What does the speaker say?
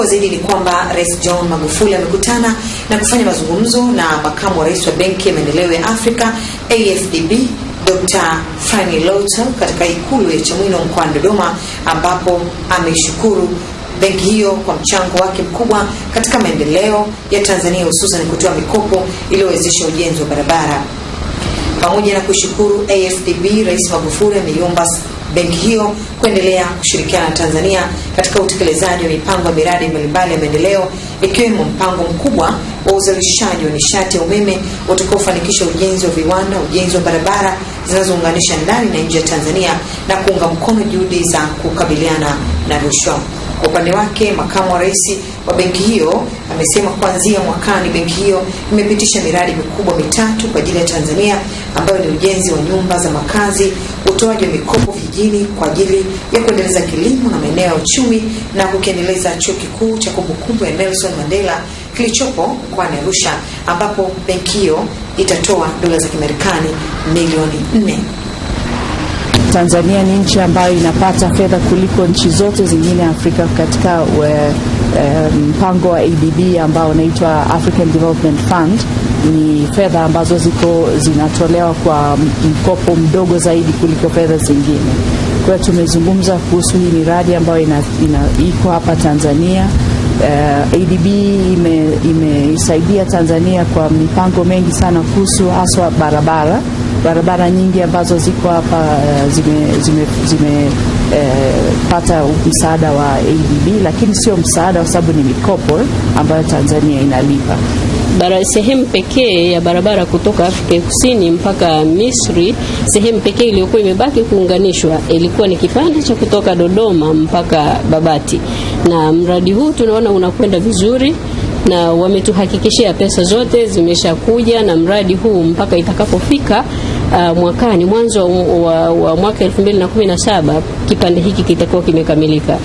kubwa zaidi ni kwamba Rais John Magufuli amekutana na kufanya mazungumzo na makamu wa rais wa Benki ya Maendeleo ya Afrika AfDB Dr. Franny Lota katika ikulu ya Chamwino mkoani Dodoma ambapo ameshukuru benki hiyo kwa mchango wake mkubwa katika maendeleo ya Tanzania hususan kutoa mikopo iliyowezesha ujenzi wa barabara. Pamoja na kushukuru AfDB, Rais Magufuli ameiomba benki hiyo kuendelea kushirikiana na Tanzania katika utekelezaji wa mipango ya miradi mbalimbali ya maendeleo ikiwemo mpango mkubwa wa uzalishaji wa nishati ya umeme utakaofanikisha ujenzi wa viwanda, ujenzi wa barabara zinazounganisha ndani na nje ya Tanzania na kuunga mkono juhudi za kukabiliana na rushwa. Kwa upande wake, makamu wa rais wa benki hiyo amesema kuanzia mwakani benki hiyo imepitisha miradi mikubwa mitatu kwa ajili ya Tanzania ambayo ni ujenzi wa nyumba za makazi, utoaji wa mikopo vijijini kwa ajili ya kuendeleza kilimo na maeneo ya uchumi na kukiendeleza chuo kikuu cha kumbukumbu ya Nelson Mandela kilichopo mkoani Arusha ambapo benki hiyo itatoa dola za Kimarekani milioni nne. Tanzania ni nchi ambayo inapata fedha kuliko nchi zote zingine Afrika katika eh, eh, mpango um, wa ADB ambao unaitwa African Development Fund. Ni fedha ambazo ziko zinatolewa kwa mkopo mdogo zaidi kuliko fedha zingine. Kwa hiyo tumezungumza kuhusu hii miradi ambayo ina, ina, iko hapa Tanzania. Uh, eh, ADB imeisaidia ime Tanzania kwa mipango mengi sana kuhusu haswa barabara barabara nyingi ambazo ziko hapa zimepata eh, zime, zime, e, msaada wa ADB, lakini sio msaada kwa sababu ni mikopo ambayo Tanzania inalipa. Bara, sehemu pekee ya barabara kutoka Afrika Kusini mpaka Misri, sehemu pekee iliyokuwa imebaki kuunganishwa ilikuwa ni kipande cha kutoka Dodoma mpaka Babati, na mradi huu tunaona unakwenda vizuri na wametuhakikishia pesa zote zimeshakuja na mradi huu mpaka itakapofika uh, mwakani mwanzo wa, wa, wa mwaka 2017 kipande hiki kitakuwa kimekamilika.